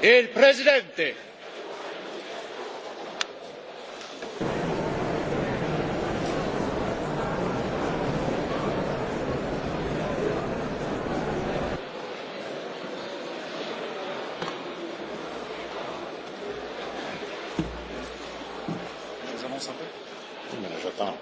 Il Presidente. un peu mais j'attends.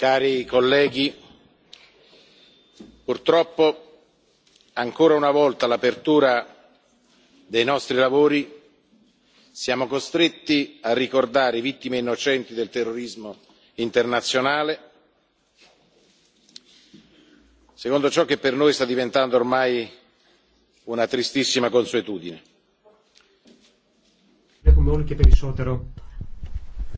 cari colleghi purtroppo ancora una volta all'apertura dei nostri lavori siamo costretti a ricordare vittime innocenti del terrorismo internazionale secondo ciò che per noi sta diventando ormai una tristissima consuetudine.